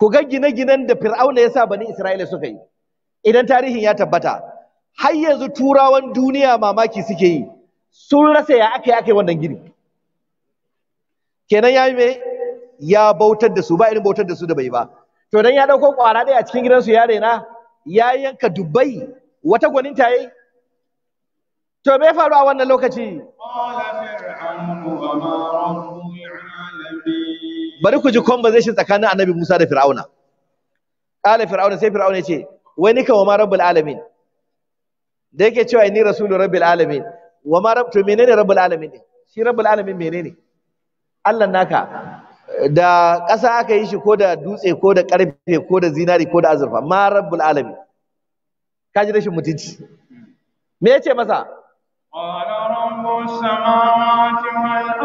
ku ga gine-ginen da fir'auna ya sa bani isra'ila suka yi idan tarihin ya tabbata har yanzu turawan duniya mamaki suke yi sun rasa ya aka yi wannan gini kenan ya yi mai ya bautar da su ba irin bautar da su da bai ba to dan ya dauko kwara dai a cikin gidansu ya rena ya yanka dubai wata gwanin ta yi. to me faru a wannan lokaci bari ku ji conversation tsakanin annabi Musa da Fir'auna kala Fir'auna sai Fir'auna ya ce wai ni kan wa rabbul alamin da yake cewa ni rasulur rabbil alamin wa ma rabb menene rabbul alamin din shi rabbul alamin menene Allah naka da ƙasa aka yi shi ko da dutse ko da ƙarfe ko da zinari ko da azurfa ma rabbul alamin ka ji rashin mutunci me yace masa qala rabbus samawati wal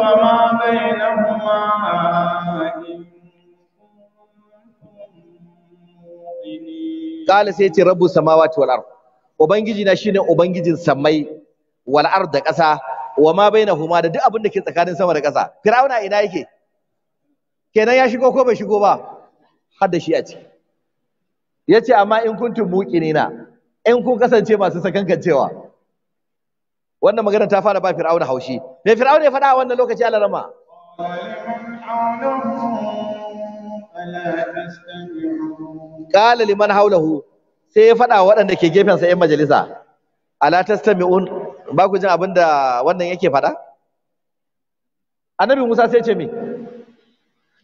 وما بينهما إن Kala sai ce rabu samawati wal ard. Ubangiji shine ubangijin samai wal da ƙasa wa ma bainahuma da duk abin ke tsakanin sama da ƙasa. Fir'auna ina yake? Kenan ya shigo ko bai shigo ba? Har shi a ciki. Yace amma in kuntum muqinina in kun kasance masu sakankancewa wannan magana ta fara ba fir'auna haushi me fir'auna ya faɗa wannan lokaci Allah rama qala liman hawlahu sai ya faɗa waɗanda ke gefen sa ƴan majalisa ala tastami'un ba ku jin abinda wannan yake faɗa annabi Musa sai ya ce me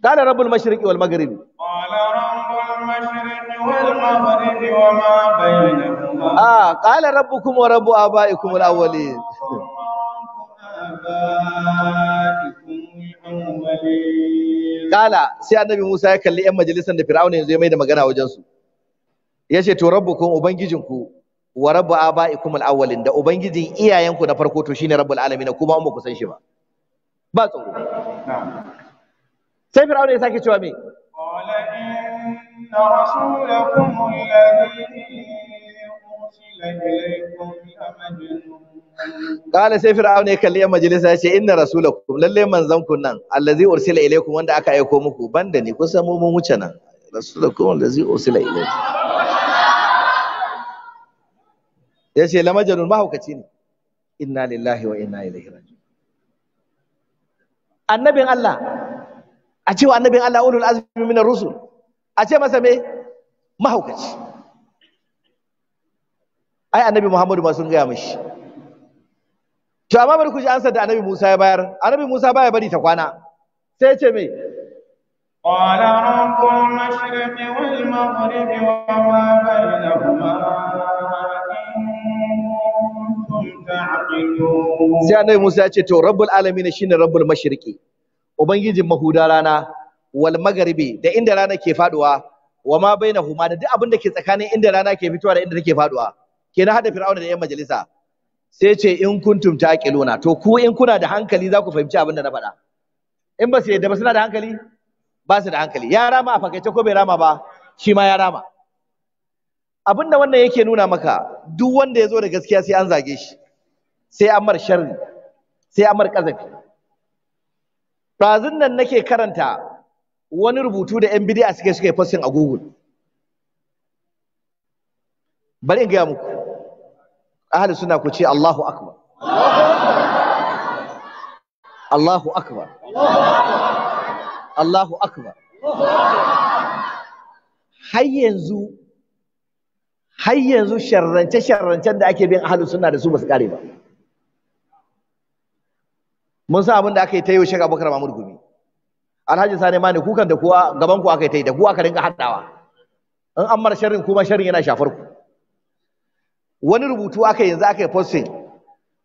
qala rabbul mashriqi wal maghribi qala rabbul mashriqi wal maghribi wa ma bainahuma a ah, qala rabbukum wa rabbu abaikum al-awwalin Kala sai annabi Musa ya kalli ‘yan majalisar da Fir'auna yanzu ya da magana wajensu. Ya ce, To, rabbukun Ubangijinku wa rabbu aba'ikum al-awwalin da Ubangijin iyayenku na farko to shine rabbul alamin kuma an ba ku san shi ba. Ba Sai Fir'auna ya sake cewa me? Kala sai Fir'aun ya kalli 'yan majalisa ya ce inna rasulakum lalle manzon ku nan allazi ursila ilaikum wanda aka aiko muku banda ni kun mu mun wuce nan rasulakum allazi ursila ilaikum ya ce lamajanun mahaukaci ne inna lillahi wa inna ilaihi raji'un annabin Allah a cewa annabin Allah ulul azmi minar rusul a ce masa me mahaukaci ai annabi Muhammadu ma sun gaya mishi to amma bari ku ji ansar da annabi Musa ya bayar annabi Musa baya bari ta kwana sai ya ce me qala rabbul mashriqi wal maghribi wa ma bainahuma sai annabi Musa ya ce to rabbul alamin shine rabbul mashriqi ubangijin mahuda rana wal maghribi da inda rana ke faduwa wa ma bainahuma da duk abin da ke tsakanin inda rana ke fitowa da inda take faduwa kenan hada fir'auna da yan majalisa sai ce in kuntum taqiluna to ku in kuna da hankali za ku fahimci abin da na faɗa in ba su yadda ba suna da hankali ba su da hankali ya rama a fakaice ko bai rama ba shi ma ya rama abin da wannan yake nuna maka duk wanda ya zo da gaskiya sai an zage shi sai an mar sharri sai an mar ƙazafi ɗazun nan nake karanta wani rubutu da yan bidiya suke suke fassin fasin a google bari in gaya muku ahli suna ku ce Allahu akbar Allahu akbar Allahu akbar har yanzu har yanzu sharrance sharrancen da ake bin ahli suna da su ba su kare ba mun san abin da aka yi ta yau shek abubakar mahmud gumi alhaji sani mani kukan da kuwa gaban ku aka yi ta yi da kuwa aka rinka haddawa in an mara sharrin kuma sharrin yana shafar ku wani rubutu aka yanzu aka yi posting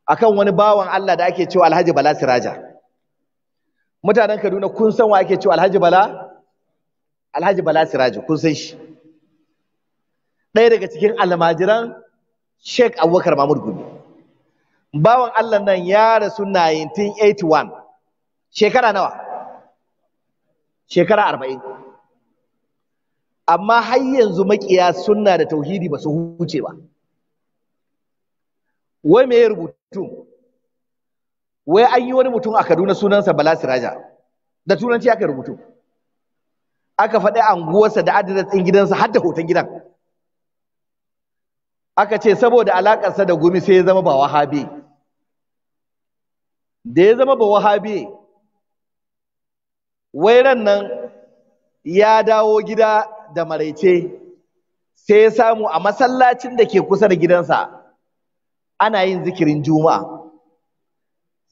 akan wani bawan Allah da ake cewa Alhaji Bala Siraja mutanen Kaduna kun san wa ake cewa Alhaji Bala Alhaji Bala Siraja kun san shi ɗaya daga cikin almajiran Sheikh Abubakar Mahmud Gumi bawan Allah nan ya rasu 1981 shekara nawa shekara 40 amma har yanzu makiya sunna da tauhidi ba su huce ba wai me ya rubutu wai an yi wani mutum a Kaduna sunansa Bala Siraja da turanci aka rubutu aka faɗi anguwarsa da adres ɗin gidansa har da hoton gidan aka ce saboda alakarsa da gumi sai ya zama ba wahabi da ya zama ba wahabi wai ran nan ya dawo gida da maraice sai ya samu a masallacin da ke kusa da gidansa ana yin zikirin juma'a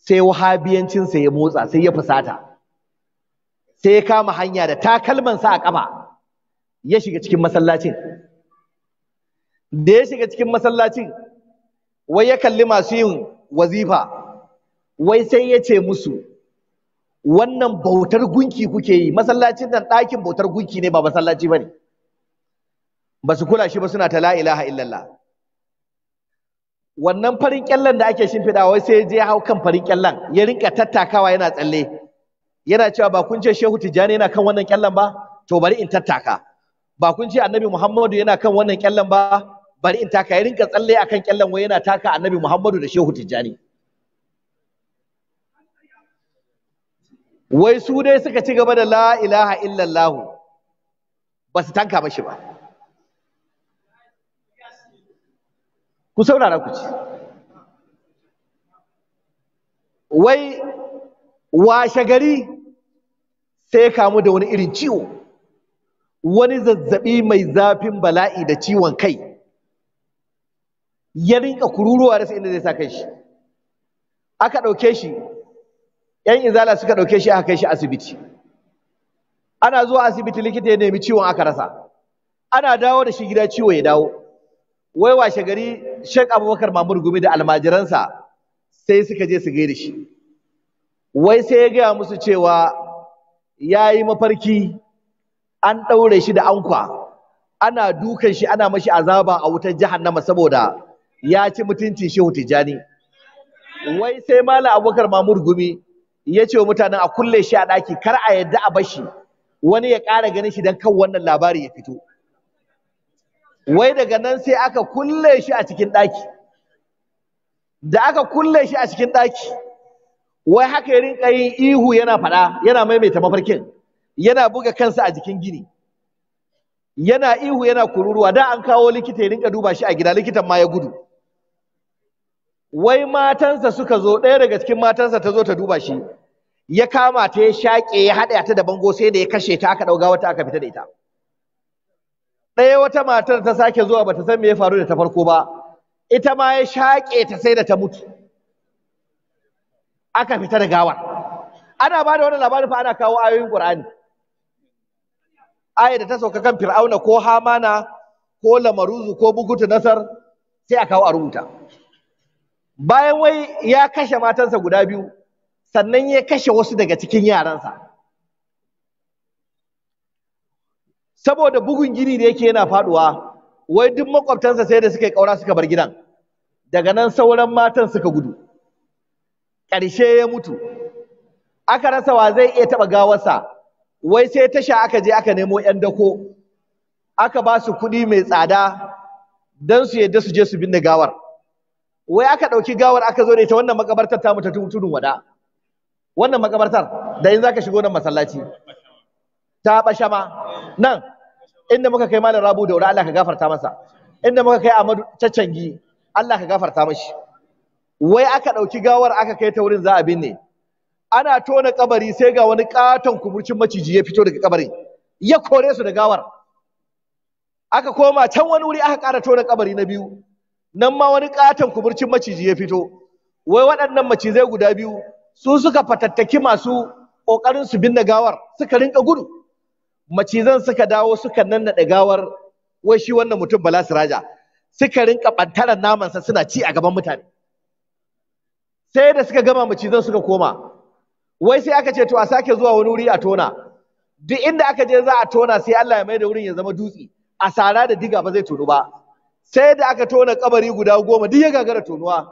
sai wahabiyancinsa ya motsa sai ya fusata sai ya kama hanya da takalmansa a ƙafa ya shiga cikin masallacin da ya shiga cikin masallacin wai ya kalli masu yin wazifa wai sai ya ce musu wannan bautar gunki kuke yi masallacin nan ɗakin bautar gunki ne ba masallaci ba ne ba su kula shi ba suna ta la ilaha illallah wannan farin kyallan da ake shimfiɗa wai sai je hau kan farin kyallan ya rinka tattakawa yana tsalle yana cewa ba kun ce Shehu Tijjani yana kan wannan kyallan ba to bari in tattaka ba kun ce Annabi Muhammadu yana kan wannan kyallan ba bari in taka ya rinka tsalle akan kyallan wai yana taka Annabi Muhammadu da Shehu Tijjani wai su dai suka ci gaba da la ilaha illallah ba su tanka mashi ba ku saurara ku ci wai washe gari sai ya kamu da wani irin ciwo wani zazzabi mai zafin bala'i da ciwon kai ya rinka kururuwa rasa inda zai sa kai shi aka ɗauke shi ‘yan izala suka ɗauke shi aka kai shi asibiti ana zuwa asibiti likita ya nemi ciwon aka rasa ana dawo da shi gida ciwo ya dawo wai washe gari Sheikh Abubakar Mamur Gumi da almajiransa sai suka je su gaida shi wai sai ya gaya musu cewa ya yi mafarki an ɗaure shi da ankwa ana dukan shi ana mashi azaba a wutar Nama saboda ya ci mutuncin shehu tijjani wai sai malam abubakar mamur gumi ya ce wa mutanen a kulle shi a ɗaki kar a yadda a bashi wani ya ƙara ganin shi don kan wannan labari ya fito wai daga nan sai aka kulle shi a cikin ɗaki da aka kulle shi a cikin ɗaki wai haka ya rinka yin ihu yana faɗa yana maimaita mafarkin yana buga kansa a jikin gini yana ihu yana kururuwa da an kawo likita ya rinka duba shi a gida likitan ma ya gudu wai matansa suka zo ɗaya daga cikin matansa ta zo ta duba shi ya kama ta ya shaƙe ya haɗa ta da bango sai da ya kashe ta aka ɗauga wata aka fita da ita ɗaya wata matar ta sake zuwa bata san me ya faru da ta farko ba ita ma ya shaƙe ta sai da ta mutu aka fita da gawar ana ba da wani labarin fa ana kawo ayoyin Qur'ani ayar da ta sauka kan Fir'auna ko Hamana ko Lamaruzu ko Bugutu Nasar sai a kawo a rubuta bayan wai ya kashe matansa guda biyu sannan ya kashe wasu daga cikin yaransa saboda bugun gini da yake yana faduwa wai duk makwabtansa sai da suka yi kaura suka bar gidan daga nan sauran matan suka gudu ƙarshe ya mutu aka rasa wa zai iya taɓa gawarsa wai sai tasha aka je aka nemo 'yan dako aka ba su kuɗi mai tsada don su yadda su je su binne gawar wai aka ɗauki gawar aka zo da ita wannan makabartar ta mutu tudun wada wannan makabartar da in zaka shigo nan masallaci ta ɓashama nan inda muka kai malam rabu daura Allah ka gafarta masa inda muka kai amadu caccangi Allah ka gafarta mashi wai aka ɗauki gawar aka kai ta wurin za a binne ana tona kabari sai ga wani katon kumurcin maciji ya fito daga kabarin ya kore su da gawar aka koma can wani wuri aka ƙara tona kabari na biyu nan ma wani katon kumurcin maciji ya fito wai waɗannan macizai guda biyu su suka fatattaki masu ƙoƙarin su binne gawar suka rinka gudu macizan suka dawo suka nannaɗe gawar wai shi wannan mutum bala siraja suka rinka ɓantaran namansa suna ci a gaban mutane sai da suka gama macizan suka koma wai sai aka ce to a sake zuwa wani wuri a tona duk inda aka je za a tona sai Allah ya mai da wurin ya zama dutse a sara da diga ba zai tonu ba sai da aka tona kabari guda goma duk ya gagara tonuwa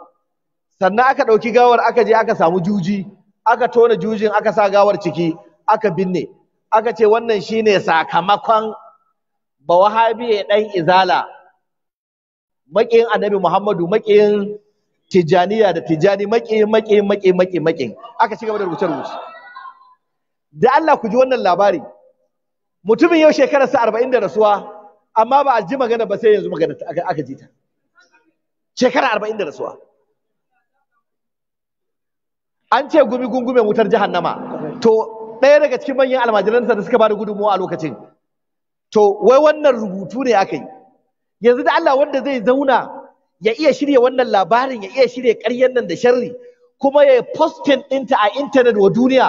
sannan aka ɗauki gawar aka je aka samu juji aka tona jujin aka sa gawar ciki aka binne aka ce wannan shine sakamakon ba wahabiye dan izala makin annabi muhammadu makin tijaniya da tijani makin makin makin makin makin aka ci gaba da rubuce rubuce da Allah ku ji wannan labari mutumin yau shekararsa arba'in da rasuwa amma ba a ji magana ba sai yanzu magana aka ji ta shekara arba'in da rasuwa an ce gumi gungume wutar jahannama to ɗaya daga cikin manyan almajiransa da suka ba da gudunmawa a lokacin to wai wannan rubutu ne aka yi yanzu da Allah wanda zai zauna ya iya shirya wannan labarin ya iya shirya ƙaryen nan da sharri kuma ya postin ɗinta a intanet wa duniya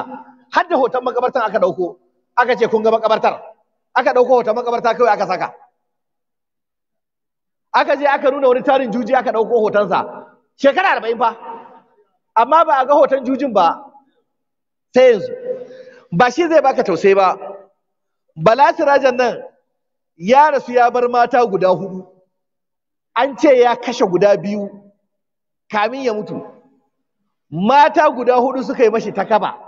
har da hoton makabartar aka ɗauko aka ce kun ga makabartar aka ɗauko hoton makabarta kawai aka saka aka je aka nuna wani tarin juji aka ɗauko hotonsa shekara arba'in fa amma ba a ga hoton jujin ba sai yanzu ba shi zai baka tausayi ba bala sirajan nan ya rasu ya bar mata guda hudu an ce ya kashe guda biyu kamin ya mutu mata guda hudu suka yi mashi ta kaba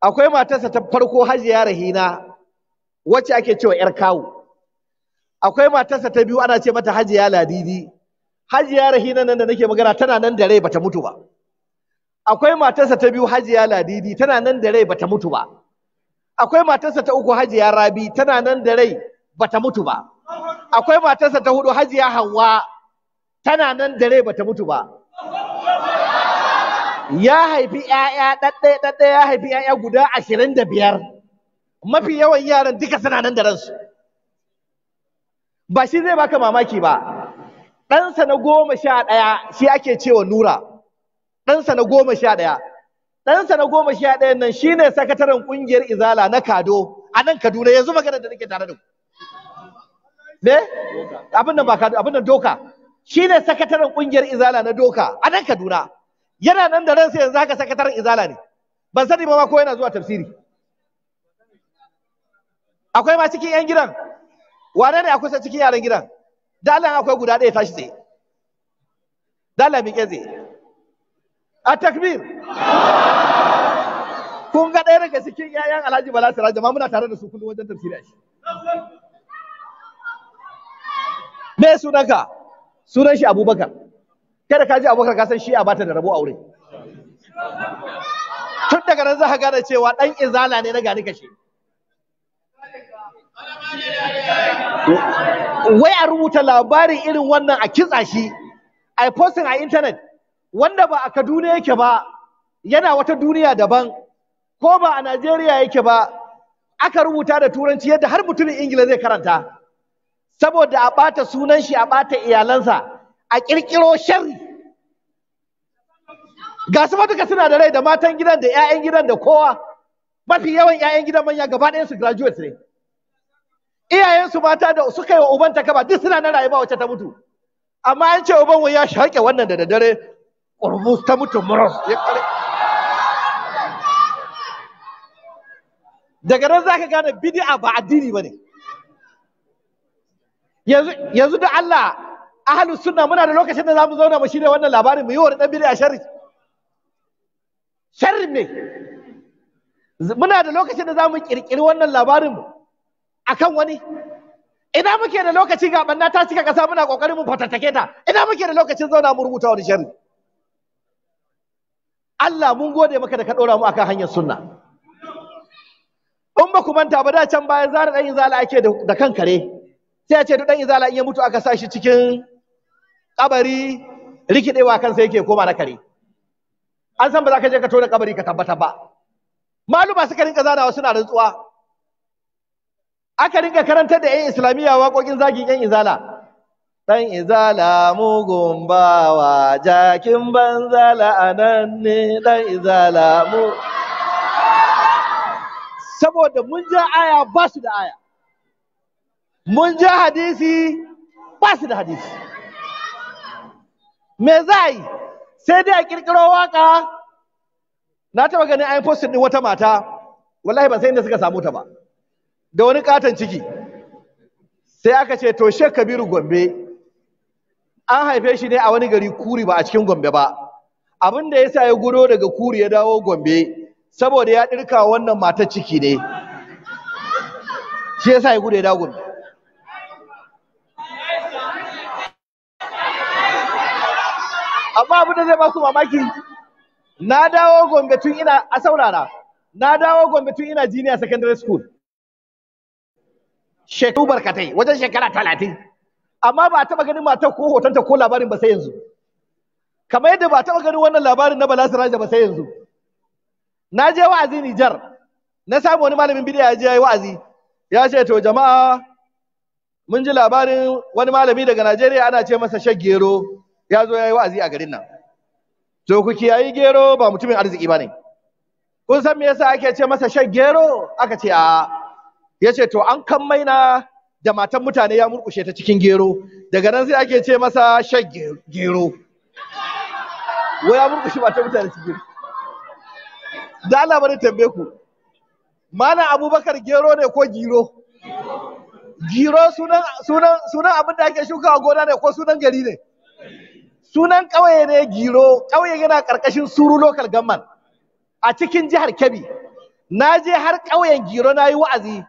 akwai matarsa ta farko hajiya rahina wacce ake cewa yar kawu akwai matarsa ta biyu ana ce mata hajiya ladidi hajiya rahina nan da nake magana tana nan da rai bata mutu ba akwai matarsa ta biyu hajiya ladidi tana nan da rai bata mutu ba akwai matarsa ta uku hajiya rabi tana nan da rai bata mutu ba akwai matarsa ta hudu hajiya Hanwa tana nan da rai bata mutu ba ya haifi ƴaƴa ɗaɗɗaya ɗaɗɗaya ya haifi ƴaƴa guda ashirin da biyar mafi yawan yaran duka suna nan da ransu ba shi zai baka mamaki ba ɗansa na goma sha ɗaya shi ake cewa nura ɗansa na goma sha ɗaya ɗansa na goma sha ɗaya nan shine sakataren ƙungiyar izala na kado a nan kaduna yanzu magana da nake tare da ku ne abin nan ba kado abin nan doka shine sakataren ƙungiyar izala na doka a nan kaduna yana nan da ransa yanzu haka sakataren izala ne ban sani ba ma ko yana zuwa tafsiri akwai ma cikin yan gidan wane ne a kusa cikin yaran gidan dalan akwai guda ɗaya tashi tsaye dalan miƙe tsaye a takbir kun ga ɗaya daga cikin 'ya'yan alhaji bala siraji ma muna tare da su kullum wajen tafsiri shi me sunanka sunan shi abubakar kada ka ji abubakar ka san shi a bata da rabo aure tun daga nan za ka gane cewa ɗan izala ne na gani kashe wai a rubuta labarin irin wannan a kitsa shi a posting a intanet wanda ba a Kaduna yake ba yana wata duniya daban ko ba a Najeriya yake ba aka rubuta da turanci yadda har mutumin Ingila zai karanta saboda a ɓata sunan shi a ɓata iyalansa a ƙirƙiro sharri ga su matuka suna da rai da matan gidan da 'ya'yan gidan da kowa mafi yawan 'ya'yan gidan manya gaba ɗayan su graduate ne iyayensu mata da suka yi wa uban takaba duk suna na rayuwa wacce ta mutu amma an ce uban wai ya shaƙe wannan da daddare ƙurmus ta mutu muros ya kare daga nan ka gane bidi'a ba addini ba ne. yanzu da Allah ahlus suna muna da lokacin da za mu zauna mu shirya wannan labarin mu yi wa dan bid'a sharri sharri ne muna da lokacin da za mu kirkiri wannan labarin akan wani ina muke da lokaci ga banna ta cika kasa muna kokarin mu fatattake ta ina muke da lokacin zauna mu rubuta wani sharri Allah mun gode maka da ka ɗora mu akan hanyar sunna in ba ku manta ba da can bayan zara ɗan izala ake da kan kare sai a ce duk ɗan izala in ya mutu aka sa shi cikin kabari rikidewa kansa yake koma na kare an san ba za ka je ka tona kabari ka tabbata ba maluma suka rinka zanawa suna rantsuwa aka rinka karantar da 'yan islamiyya waƙoƙin zagin 'yan izala ɗan izala mugun bawa jakin banza ne ɗan izala mu saboda mun ja aya ba su da aya mun ja hadisi ba su da hadisi me za yi sai dai a kirkiro waka na taɓa ganin an postin ɗin wata mata wallahi ban san inda suka samu ta ba da wani ƙaton ciki sai aka ce to shek kabiru gombe an haife shi ne a wani gari kuri ba a cikin gombe ba abin da yasa ya gudo daga kuri ya dawo gombe saboda ya ɗirka wannan mata ciki ne shi yasa ya gudu ya dawo gombe amma abin da zai ba su mamaki na dawo gombe tun ina a saurara na dawo gombe tun ina junior secondary school shekaru barkatai wajen shekara talatin amma ba a taɓa ganin matar ko hotonta ko labarin ba sai yanzu kamar yadda ba a taɓa ganin wannan labarin na Bala Siraja ba sai yanzu na je wa'azi Nijar na samu wani malamin bidiya ya je ya yi wa'azi ya ce to jama'a mun ji labarin wani malami daga Najeriya ana ce masa gero ya zo ya yi wa'azi a garin nan to ku kiyayi gero ba mutumin arziki bane kun san me yasa ake ce masa gero? aka ce a yace to an kan maina da matan mutane ya murkushe ta cikin gero daga nan sai ake ce masa shan gero wai ya murkushe matan mutane cikin da Allah bari tambaye ku malam Abubakar gero ne ko giro giro sunan sunan sunan abin da ake shuka a gona ne ko sunan gari ne sunan ƙauye ne giro ƙauye yana ƙarƙashin suru local government a cikin jihar Kebbi na je har ƙauyen giro na yi wa'azi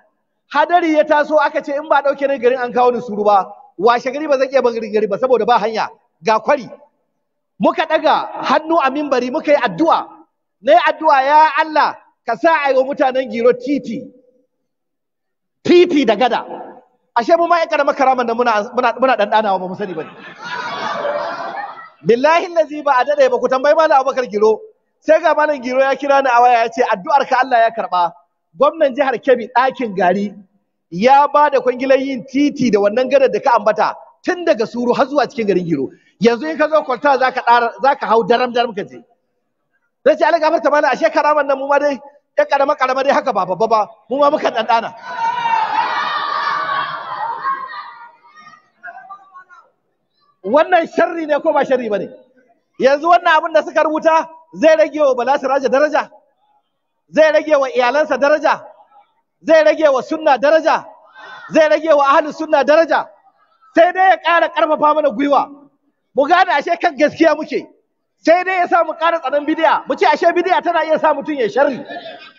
hadari ya taso aka ce in ba dauke ni garin an kawo ni suru ba washe gari ba zan iya ban gari ba saboda ba hanya ga kwari muka daga hannu a mimbari muka yi addu'a na yi addu'a ya Allah ka sa a yi wa mutanen giro titi titi da gada ashe mu ma ya karaman da muna muna muna dandanawa ba mu sani bane billahi allazi ba a dade ba ku tambayi malam Abubakar Giro sai ga malam Giro ya kira ni a waya ya ce addu'ar ka Allah ya karba gwamnan jihar Kebbi ɗakin gari ya ba da kwangilan yin titi da wannan gadar da ka ambata tun daga suru har zuwa cikin garin Giro yanzu in ka zo kwalta za ka hau daram daram ka je zai ce ala gafarta mana ashe karaman nan mu ma dai ya karama karama dai haka ba babba ba mu ma muka ɗanɗana. wannan sharri ne ko ba sharri bane yanzu wannan abin da suka rubuta zai rage wa bala siraja daraja zai rage wa iyalansa daraja zai rage wa sunna daraja zai rage wa ahli sunna daraja sai dai ya ƙara ƙarfafa mana gwiwa mu gane ashe kan gaskiya muke sai dai ya sa mu ƙara tsanan bidiya mu ce ashe bidiya tana iya sa mutum ya sharri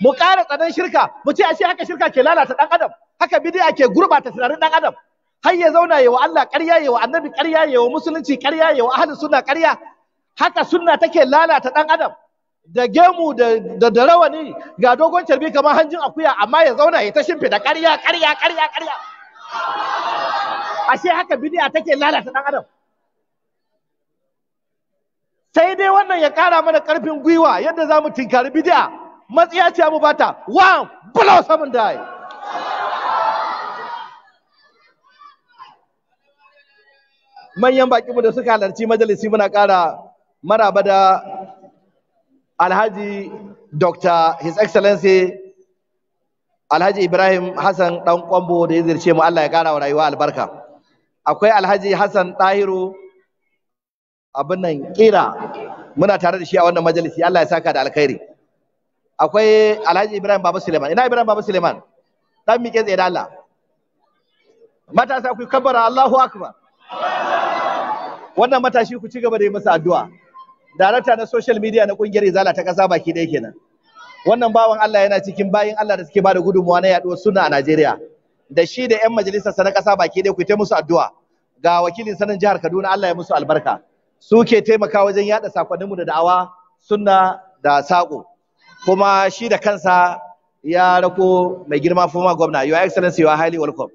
mu ƙara tsanan shirka mu ce ashe haka shirka ke lalata ɗan adam haka bidiya ke gurɓata tunanin ɗan adam har ya zauna yawa Allah ƙarya yawa annabi ƙarya yawa musulunci ƙarya yawa ahli sunna ƙarya haka sunna take lalata ɗan adam da gemu da da rawani ga dogon carbi kamar hanjin akuya amma ya zauna ya ta shimfiɗa ƙarya ƙarya ƙarya ƙarya ashe haka bidiya take lalata ɗan adam sai dai wannan ya ƙara mana ƙarfin gwiwa yadda za mu tinkari bidiya matsiya ce mu bata wa blow seven die manyan mu da suka halarci majalisi muna ƙara maraba da Alhaji Dr. His Excellency Alhaji Ibrahim Hassan dan kwambo da ya zirce mu Allah ya kara wa rayuwa albarka. Akwai Alhaji Hassan Tahiru abin nan kira muna tare da shi a wannan majalisi Allah ya saka da alkhairi. Akwai Alhaji Ibrahim Baba Suleiman. Ina Ibrahim Baba Suleiman? Dan miƙe tsaye da Allah. Matasa ku kabbara Allahu Akbar. Wannan matashi ku ci gaba da yi masa addu'a. Darata na social media na kungiyar izala ta kasa baki ɗaya kenan wannan bawan Allah yana cikin bayin Allah da suke ba bada gudunmuwa na yaɗuwar suna a Najeriya da shi da ƴan majalisar sa na ƙasa baki ɗaya ku ta musu addu'a ga wakilin sanin jihar Kaduna Allah ya musu albarka suke taimaka wajen yada sakonninmu da da'awa sunna da saƙo kuma shi da kansa ya rako mai girma fuma gwamna your excellency you are highly welcome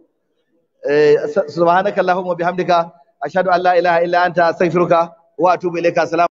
eh, subhanakallahumma bihamdika ashhadu an la ilaha illa anta astaghfiruka wa atubu ilayka